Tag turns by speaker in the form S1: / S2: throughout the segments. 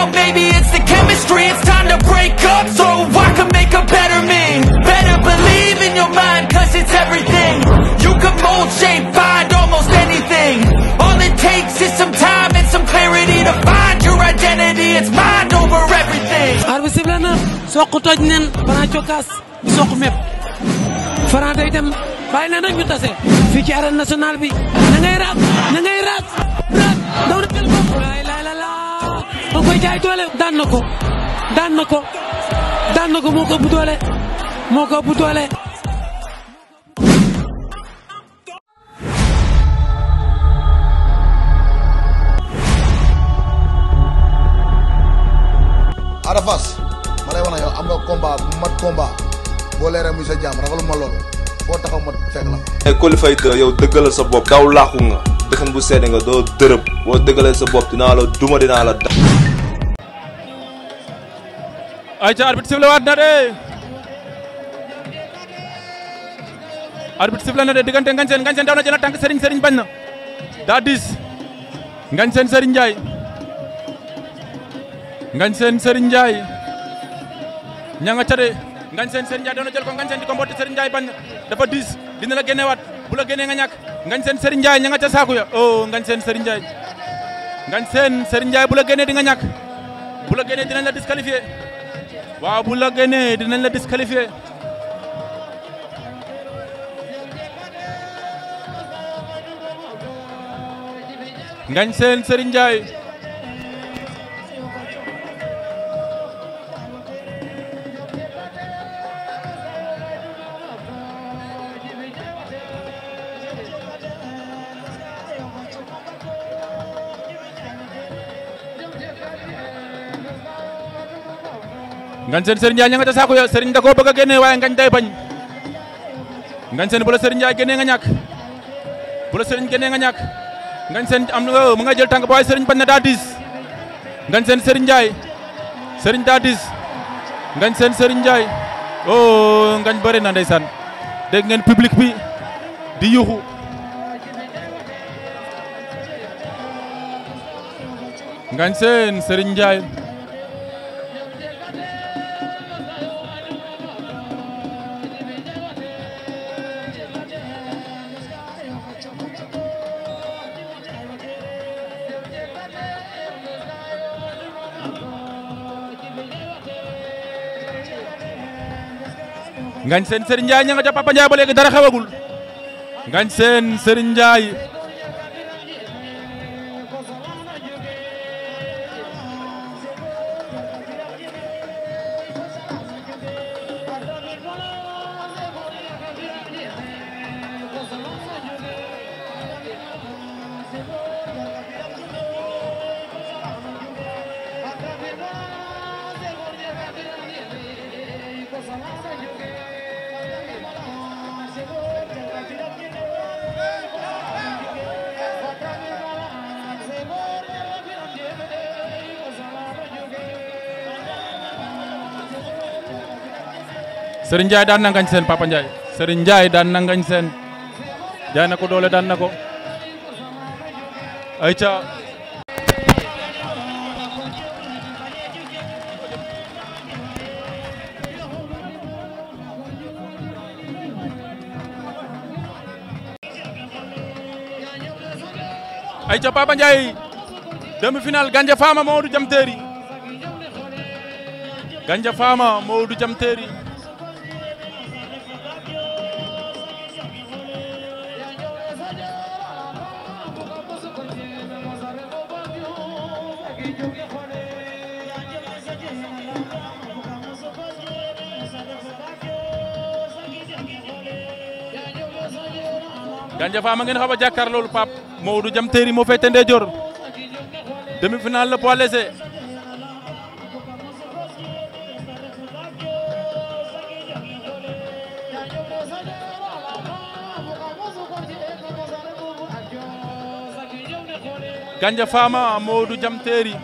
S1: out, maybe it's the chemistry It's time to break up so I can make a better me Better believe in your mind cause it's everything You can mold, shape, find almost anything All it is some clarity To find your identity, it's mind over everything Arbi sifle na soq toj nen Franc cokaas soq mépp Franc day dem bàyyi leen rek ñu ci arène bi ngay raat na ngay raat raat da koy jaay ko daan na ko daan na ko moo ko ëpp doole moo ko ëpp doole
S2: Ada Fass ma lay wax na yow am nga combat bu
S3: mat combat boo leeree muy sa jaam ragalu ma loolu foo taxaw ma fekk la fa eh, Coly Faye yow dëggalal sa bopp daw laaxu nga dëxan bu seede nga doo dërëb boo dëggalee sa bopp dinaa la duma dinaa la ayca arbitre sifle waat na de arbitre sifle na de diggante ngan seen Ngagne Sène daw na jël na tànk Serigne Serigne bañ na daa diis Ngagne Sène Serigne Ndiaye Ngagne Sène Serigne Ndiaye ña nga ca de Ngagne Sène Serigne Ndiaye daw na jël ko Ngagne Sène di ko mbotti Serigne bañ na dafa diis dina la génneewaat bu la génnee nga ñàkk Ngagne Sène Serigne Ndiaye ña nga ca saaku ya oh Ngagne Sène Serigne Ndiaye Ngagne Sène Serigne Ndiaye bu la génnee di nga ñàkk bu la génnee dinañ la disqualifié waaw bu la génnee dinañ la disqualifié. Ngagne Sène Serigne ngañ seen Serigne Ndiaye ña nga ca saako a génne waaye ngañ day bañ ngañ seen bu la Serigne Ndiaye génnee nga ñàkk bu la Serigne génnee nga ñàkk ngañ seen am nga mu nga jël tànk ba waaye Serigne bañ daa diis ngañ seen Serigne Ndiaye Serigne daa diis ngañ seen Serigne Ndiaye oh ngañ bëri na ndeysaan dégg ngeen public bi di yuxu ngañ seen Serigne ngañ seen Serigne ña nga ca Papa Ndiaye ba léegi dara xewagul ngañ seen Serigne Serigne Ndiaye daan na ngañ seen Papa Ndiaye daan na ngañ seen jaay na ko doole daan na ko ayca ayca Papa Ndiaye demi-finale Gandia Fama Modou Diam Gandia Fama ngeen xaw a jàkkaar loolu Pape Maodo Diam Terry moo féete ndeyjoor demi-finale le poids léger
S2: Gandia Fama
S3: Modou Jam Téri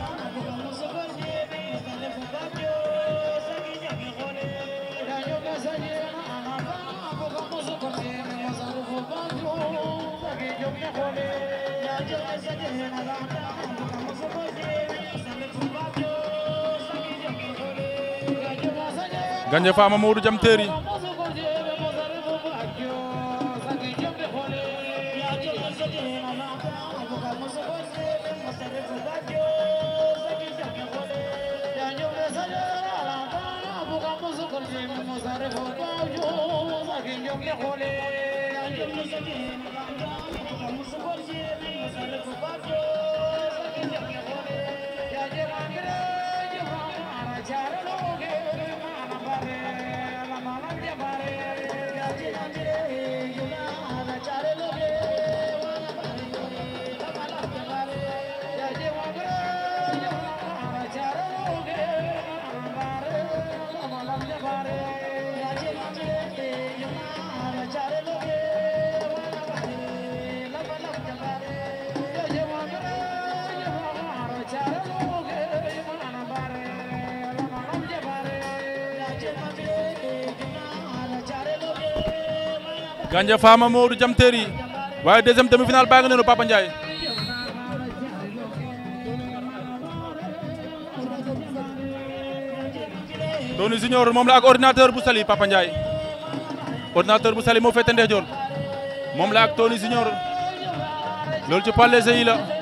S3: Gandia Fama Modou Diam Terry waaye deuxième demi-finale baa ngi noonu Papa Sony Junior moom la ak ordinateur bu Saly Papa Ndiaye ordinateur bu sali moo féete ndeyjoor moom la ak Tony Junior loolu ci palais yi la.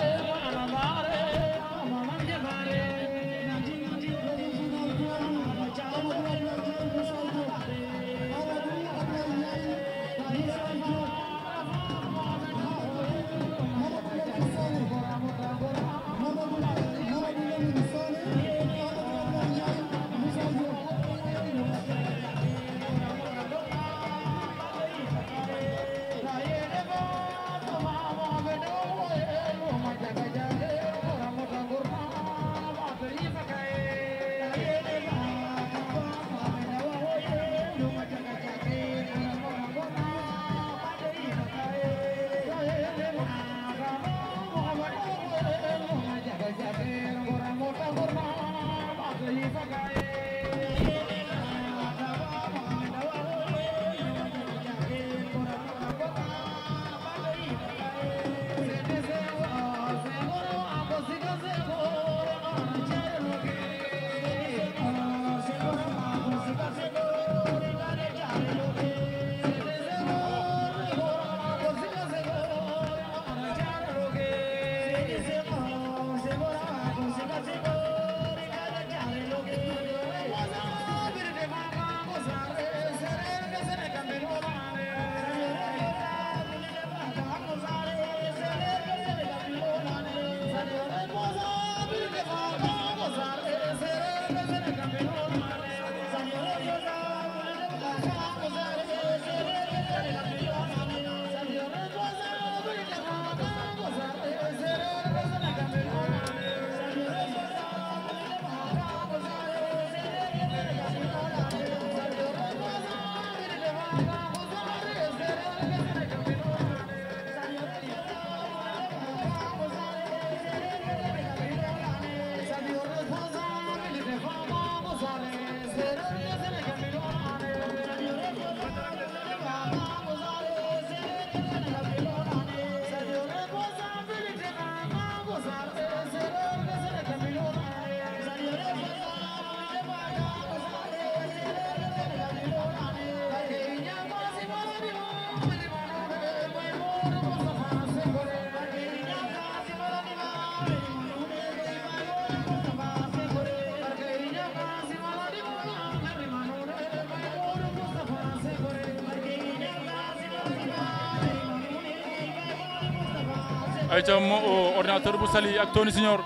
S3: ayca mo ordinateur bu Saly ak Tony Signor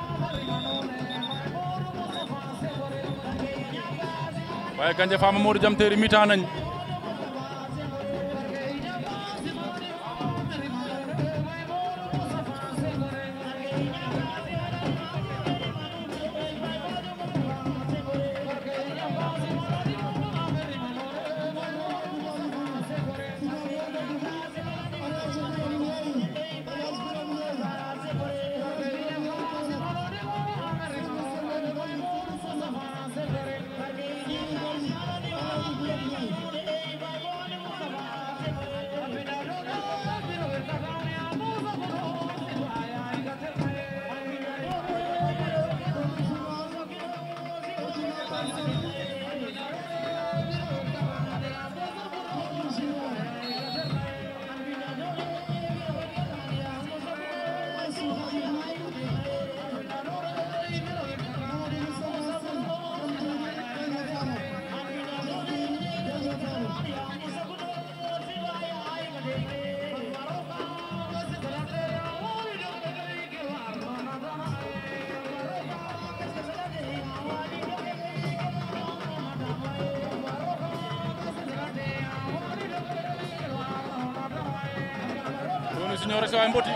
S3: waaye Gandia Fama Modou Diam Terry mi-temps nañ Junior ak Sawaay Mboti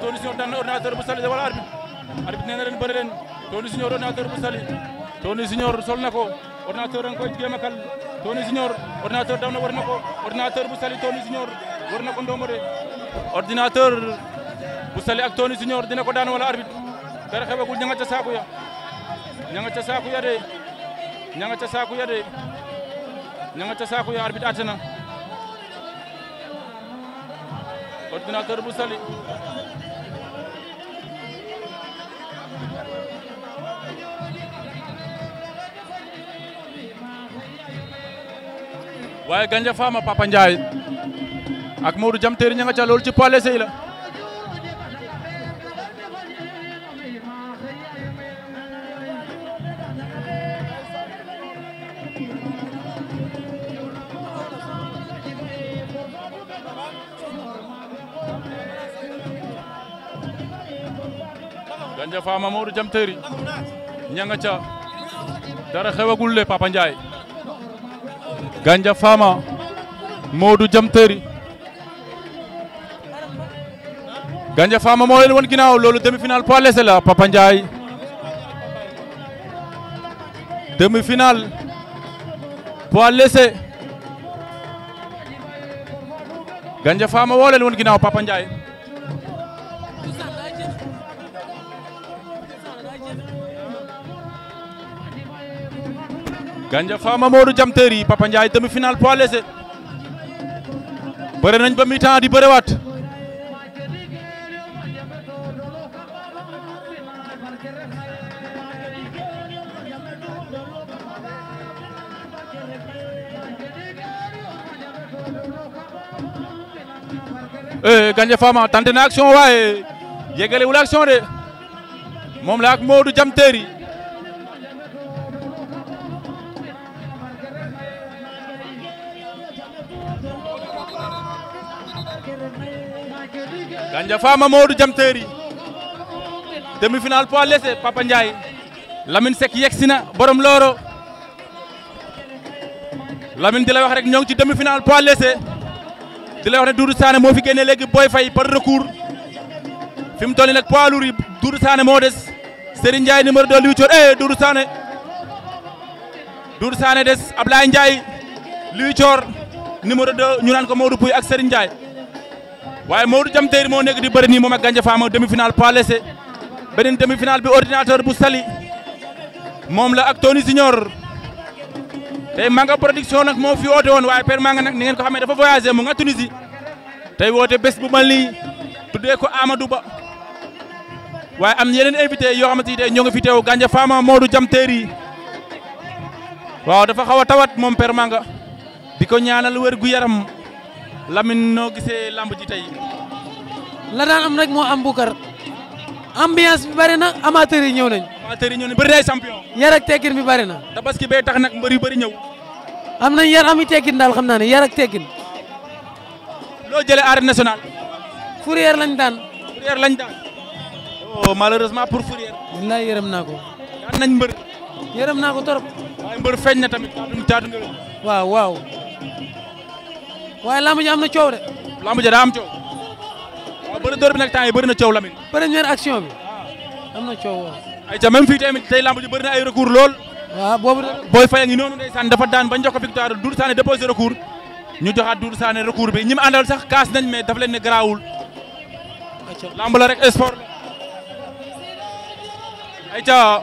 S3: Tony Junior daan na bu sali wala arbitre arbitre nee na leen bëri leen Tony Junior ordinateur bu sali Tony Junior sol na ko ordinateur da nga koy jéem a kal Tony Junior ordinateur daw na war na ko ordinateur bu sali Tony Junior war na ko ndombo de ordinateur bu sali ak si Tony di dina ko daan wala arbitre dara xewagul ña nga ca saaku ya ña nga ca saaku ya de ña nga ca saaku ya de ña nga ca saaku ya arbitre àtte na ordinateur bu sali waaye Gandia Fama Papa Ndiaye ak Modou Jam Téeri ña nga ca loolu ci poids yi la Gandia Fama Modou Jam Terry ñanga dara xewagul le Papa Ndiaye Gandia Fama Modou Jam Terry Gandia Fama moo leen won ginaaw loolu demi-finale la Papa Ndiaye demi-finale poids léger Gandia Fama woo leen won ginaaw Gandia Fama Modou Jam Terry Papa Ndiaye demi-finale poids léger bëre nañ ba mi-temps di bërewaat eh Gandia Fama tenté na action waaye yeggalewul action de moom la ak Modou Jam Terry Gandia Fama Modou Jam Terry demi-finale poids léger Papa Ndiaye Lamine Seck na borom looro Lamine di la wax rek ñoo ngi ci demi-finale poids la wax ne Doudou Sané moo fi génne léegi Boy Faye par recours fi mu toll nii nag poids lourd moo des Serigne Ndiaye numéro 2 Louis Thior eh Doudou Sané Doudou Sané des Ablaye Ndiaye Louis Thior numéro 2 ñu naan ko Modou Pouye ak Serigne Ndiaye. waaye Modou Jam Téeri moo nekk di bëri nii moom a Gandia Fama demi finale pas laissé beneen demi finale bi ordinateur bu sali moom la ak Tony Junior tey Manga production nag moo fi woote woon waaye Père Manga nag ni ngeen ko xamee dafa voyagé mu nga Tunisie tey woote bés bu mel nii tuddee ko Amadou Ba waaye am yeneen invité yoo xamante ni tey ñoo ngi fi teew Gandia Fama Jam Téeri waaw dafa xaw a tawat moom Père Manga di ko ñaanal wér gu yaram. Lamine noo gisee lamb ji tey.
S1: la daan am rek moo am Boucar ambiance bi bëri na amateurs yi ñëw nañ amateurs yi ñëw nañ bëri day champion. bi bëri na. tabaski bee tax nag mbër yu bëri ñëw. am nañ yar am yi teggin daal xam naa ne yar ak teggin.
S3: loo jëlee arène nationale. Fourrière lañ daan. Fourrière lañ daan. oh malheureusement pour Fourrière. wallaay yërëm naa ko. daan nañ mbër. yërëm naa ko trop. waaye mbër feeñ na tamit taatu taatu nga. waaw waaw. waaye lamb am na coow de. lamb ji coow. waaw bëri bi nag temps yi bari na coow Lamine. première action bi am na coow waaw. ayca fii tamit tey lamb ji bëri na ay recours lool. waaw boobu booy fay a ngi noonu ndeysaan dafa daan ba njokk victoire Doudou Sané déposé recours ñu joxaat Doudou Sané recours bi ñi mu àndal sax kaas nañ mais daf leen ne garaawul. lamb la rek sport la. ayca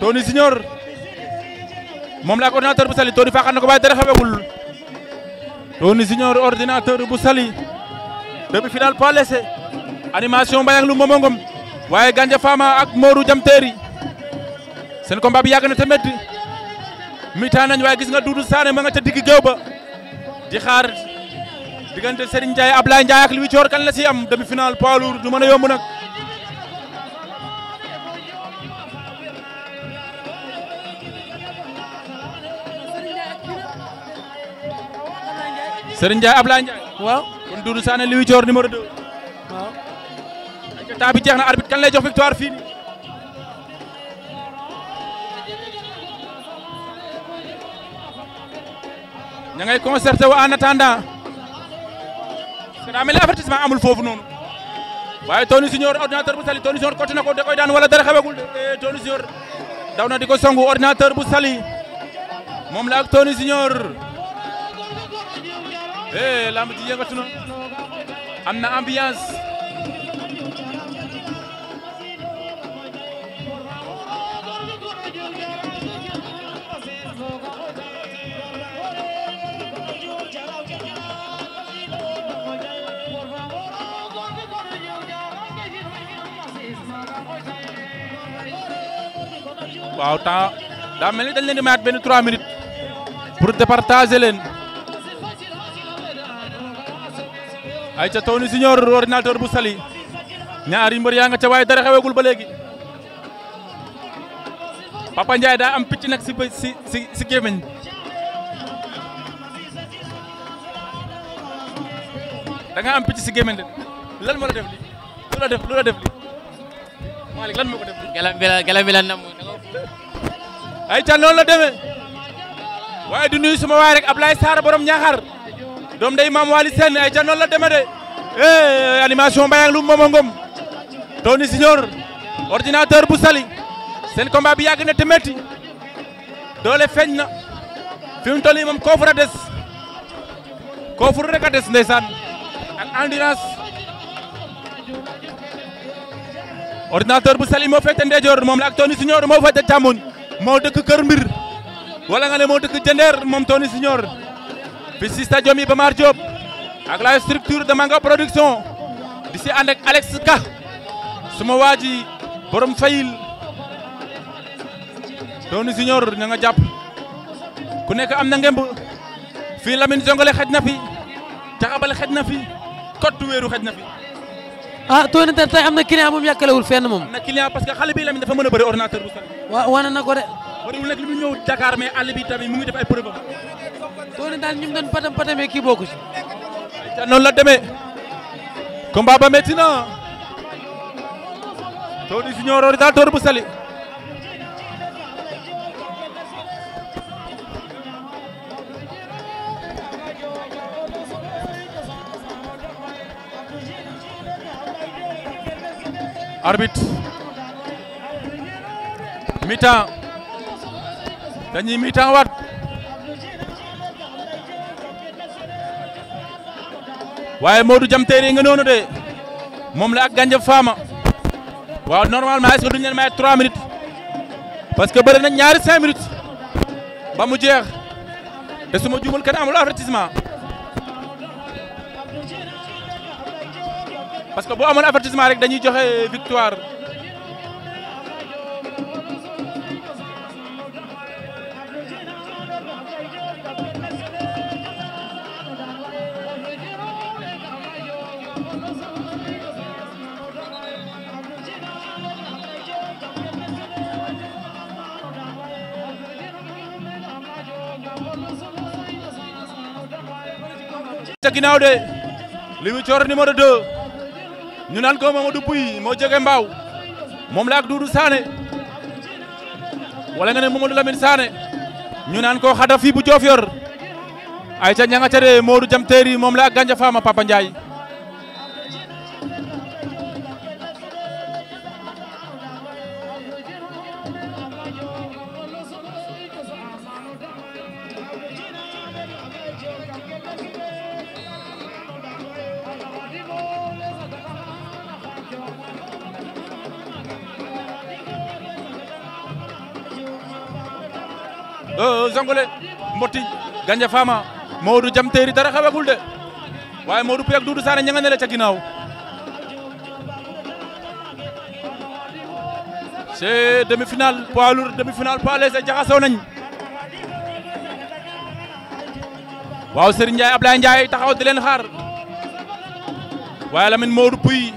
S3: Tony Junior moom la ak ordinateur sali Tony faaxaan na ko waaye dara xewewul. Tony Junior ordinateur bu Saly demi-finale pas laissé animation Mbayang lu Momo waaye Gandia Fama ak Modou Jam Teeri seen combat bi yàgg na te métti mitaan nañ waaye gis nga Doudou Sané ma nga ca digg géew ba di xaar diggante Serigne Ndiaye Ablaye Ndiaye ak Louis Thior kan la si am demi-finale poids lourd du nag Serigne Ndiaye Ablaye Ndiaye. waaw kon Doudou Sané Louis Dior numéro 2. waaw. bi jeex na arbitre kan lay jox victoire fii nii. ña ngay concerté wu en attendant. te daa mel ni avertissement amul foofu noonu. waaye Tony Junior bu sali Tony Junior côté na ko da koy daan wala dara xewagul eh, Tony Junior daw na di ko songu ordinateur bu sali moom la ak Tony Junior. eh lamb ji yëngatu na am na ambiance waaw temps daa mel ni dañ leen di mayaat benn 3 leen. ay ca Tony Junior ordinateur bu Saly ñaari mbër yaa nga ca waaye dara xewagul ba léegi Papa Ndiaye daa am picc nag si si si si am picc si gémmiñ de lan moo la def li lu la def lu la def ay ca noonu la demee waaye du nuyu suma waay rek Ablaye Sarr borom Ñaaxar doom day maam Waly Sène ay ca noonu la deme de eh, animation Mbayang Loum Momo Ngom Tony Signor ordinateur bu sali seen combat bi yàgg na te metti doole feeñ na fi mu toll nii moom koofur a des koofur rek a des ndeysaan ak endurance ordinateur bu Saly moo féete ndeyjoor moom la ak Tony moo féete càmmoñ moo dëkk Kër Mbir wala nga ne moo dëkk Jëndeer moom Tony Signor fii si stadium Iba Mar Diop ak la structure de Manga Production di si ànd ak Ka suma waa ji borom fayil doonu siñor ña nga ku nekk am na ngemb fii Lamine Zongale xaj na fi Jaxabal xaj na fi Kottu Wéeru
S1: xaj na fi. ah Tony Nder tey am na client moom yàkkalewul fenn moom. am na client
S3: parce que xale dafa mën a bëri ordinateur bu sal. waaw wane na ko de. bëriwul nag li mu ñëw Dakar mais àll bi tamit mu ngi def ay preuve doone daal ñu doon patam patamee kii bokku ci. ca noonu la demee. combat ba métti na. Tony Junior Ordinateur bu Saly. arbitre mi-temps dañuy mi-temps waat waaye Modou jam teeri nga noonu de moom la ak Gandia Fama waaw normalement est-ce que duñ leen may 3 minutes parce que bëri na ñaari 5 minutes ba mu jeex te su ma juumul kenn amul avertissement parce que boo amoon avertissement rek dañuy joxe victoire. ca ginnaaw de Liwi Coor numéro 2 ñu naan ko Mamadou Pouy moo jege mbaaw moom la ak Doudou Sané wala nga ne Mamadou Lamine Sané ñu naan ko xadafi bu Diofior ay ca ñanga ca de Modou Jam Teeri moom la ak Ganja Fama Papa Ndiaye Zongale euh, Mboti Ganja Fama Modou Jam Téeri dara xewagul de waaye Modou Pouye ak Doudou Sané ña ne la ca ginnaaw c'est demi-finale poids demi-finale poids léger jaxasoo nañ waaw Serigne Ndiaye Ablaye Ndiaye taxaw di leen xaar waaye Lamine Modou Pouye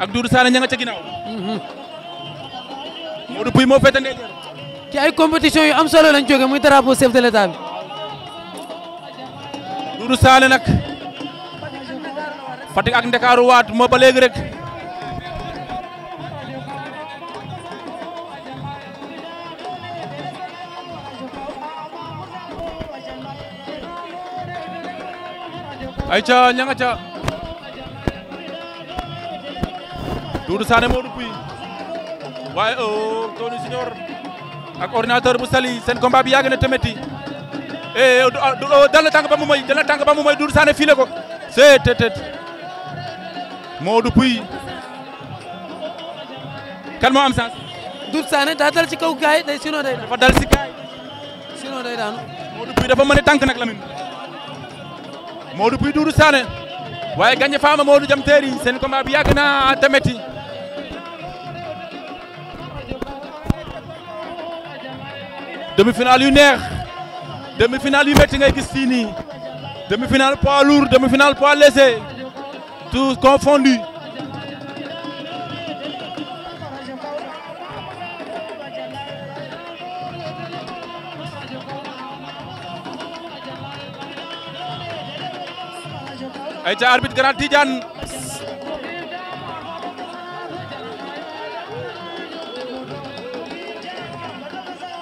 S3: ak Doudou Sané ña nga ca ginnaaw mhm. Modou Pouye moo féete ndeyjoor
S1: ci ay compétition yu am solo lañ jóge muy drapeau chef de l'état bi.
S3: Doudou Sané nag ak Ndakaaru waat moo ba rek. ayca ña nga ca Doudou Sané moo du puy waaye o oh, Tony ak ordinateur bu sali seen combat bi yàgg a tamit eh oh, dal na tànk ba mu may dal na tànk ba mu may Doudou Sané filé ko c'est tête
S1: Modou Pouye kan moo am sens daa dal ci kaw gaay day sinon day dafa dal ci gaay sinon day daanu Modou Pouye dafa
S3: mën a tànk nag Lamine Modou Pouye Doudou Sané waaye gàññe faama Modou jam teeri seen combat bi yàgg na tamit demi-finale yu neex demi-finale yu métti ngay gis fii nii demi-finale poids lourd demi-finale poids léger tout confondu ay ca arbitre Grand Tidiane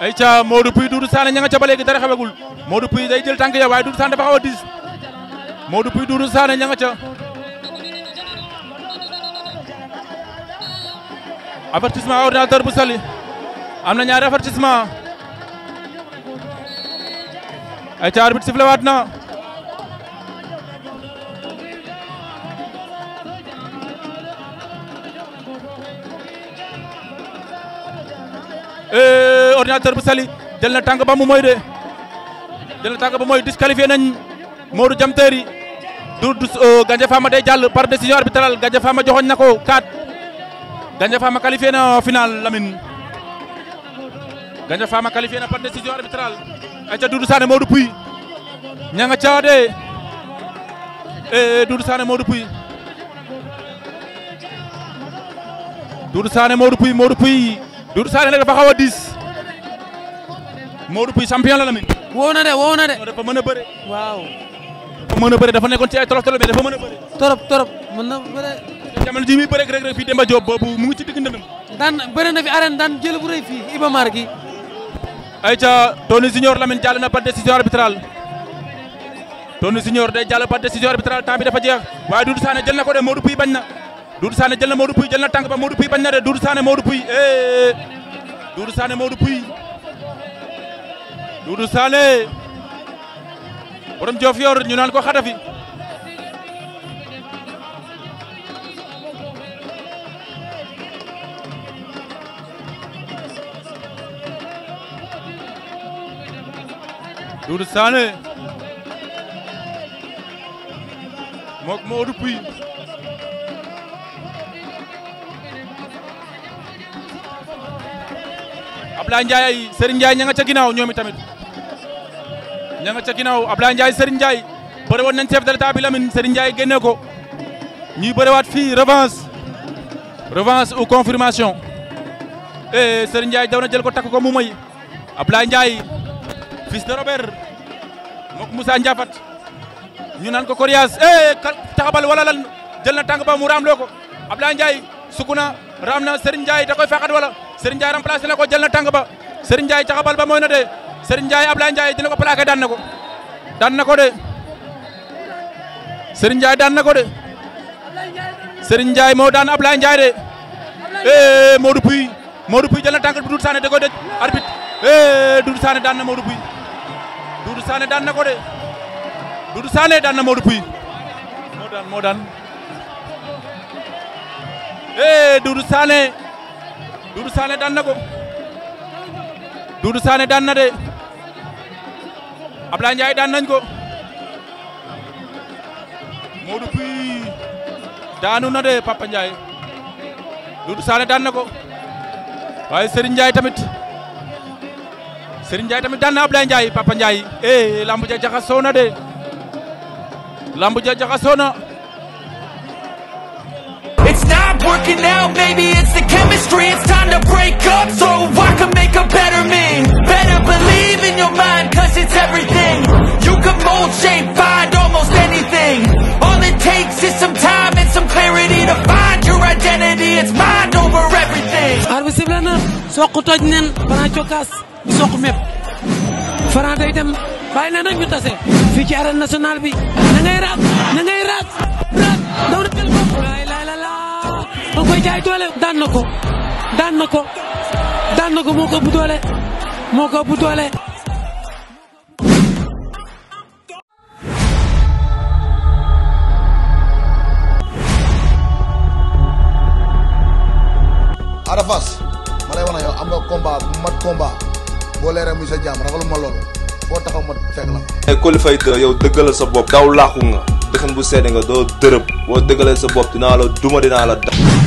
S3: ay ca Modou Pouye Doudou Sané ña ca ba léegi dara xewagul Modou Pouye day jël tànk ya waaye Doudou a diis Modou Pouye Doudou Sané ña nga ca avertissement ordinateur bu sali am na ñaari avertissement ay ca arbitre sifflé waat na eh, ordinateur bu sali jël na ba mu mooy de jël na ba mooy disqualifié nañ Modou Jam Terry du du euh, Gandia Fama day par décision arbitrale Gandia Fama joxoñ na ko 4 Gandia Fama qualifié na final Lamine Gandia Fama par décision arbitrale aca Doudou Sané Modou Pouye ña nga caa de eh, eh Doudou Sané Modou Pouye Doudou Sané Modou Pouye diis Modou puy champion la Lamine. woo na de woo na de. dafa mën a bëre. waaw. dafa mën a bëre dafa nekkoon ci ay tolof tolof mais dafa mën a bëre. torop torop mën na bëre. jamono jii muy bëre rek rek fii Demba Diop boobu mu ngi ci digg ndëndam. daan bëre na fi arène daan jël bu rëy fii Iba Mar gi. ayca Tony Junior Lamine jàll na par décision arbitrale. Tony Junior day jàll par décision arbitrale temps bi dafa jeex waaye Doudou Sané jël na ko de Modou Pouye bañ na. Doudou Sané jël na Modou Pouye jël na tànk ba Modou Pouye bañ na de Doudou Sané Modou Pouye eh, eh, eh. Doudou Doudou Sané borom Diofior ñu naan ko Xadafi Doudou Sané mook Modou Pouye Ablaye Ndiaye Serigne Ndiaye ña nga ca ginnaaw ñoomi tamit ña nga ca ginnaaw Ablaye Ndiaye Serigne Ndiaye bëri woon nañ chef de l'état bi Lamine Serigne Ndiaye génne ko ñuy bëriwaat fii revanche revanche ou confirmation eh Serigne Ndiaye daw na jël ko takk ko mu may Ablaye Ndiaye fils de Robert mook Moussa ko coriace eh taxabal wala lan jël na tànk ba mu raamloo ko Ablaye njaay sukuna raam na Serigne Ndiaye da koy faqat wala Serigne Ndiaye remplacé ko jël na tànk ba Serigne Ndiaye taxabal ba mooy de. Serigne Ndiaye Ablaye Ndiaye dina ko plaqué daan na ko daan na ko de Serigne Ndiaye daan na ko de Serigne Ndiaye moo daan Ablaye Ndiaye de eh Modou Pouy Modou Pouy jël na tànk bi Doudou da eh, ko de Doudou Sané daan na Modou Pouy moo daan moo daan eh Doudou Sané Doudou Sané daan na ko Doudou Sané daan de Ablaye Ndiaye daan nañ ko Modou Pouye daanu na de Papa Ndiaye Doudou Sané daan ko waaye Serigne Ndiaye tamit Serigne Ndiaye tamit daan na Ablaye Ndiaye Papa Ndiaye eh ja jaxasoo na de lamb ja jaxasoo na
S1: working out, maybe it's the chemistry It's time to break up so I can make a better me Better believe in your mind cause it's everything You can mold, shape, find almost anything All takes is some clarity To find your identity, it's mind over everything Arbi sibla na, soq toj nen, bana cokas, soq mep Fara day dem, bàyyi leen na ngay raas ba koy ko daan na ko daan na ko moo ko ëpp doole moo ko ëpp doole Ada Fass ma lay wax na yow
S3: am nga combat bu mat combat boo leeree muy sa jàmm ragalu ma loolu foo taxaw ma fekk la mais eh, Coly Faye sa bopp daw laaxu nga dëxan bu seede nga doo dërëb boo dëggalee sa bopp dinaa la duma dinaa la da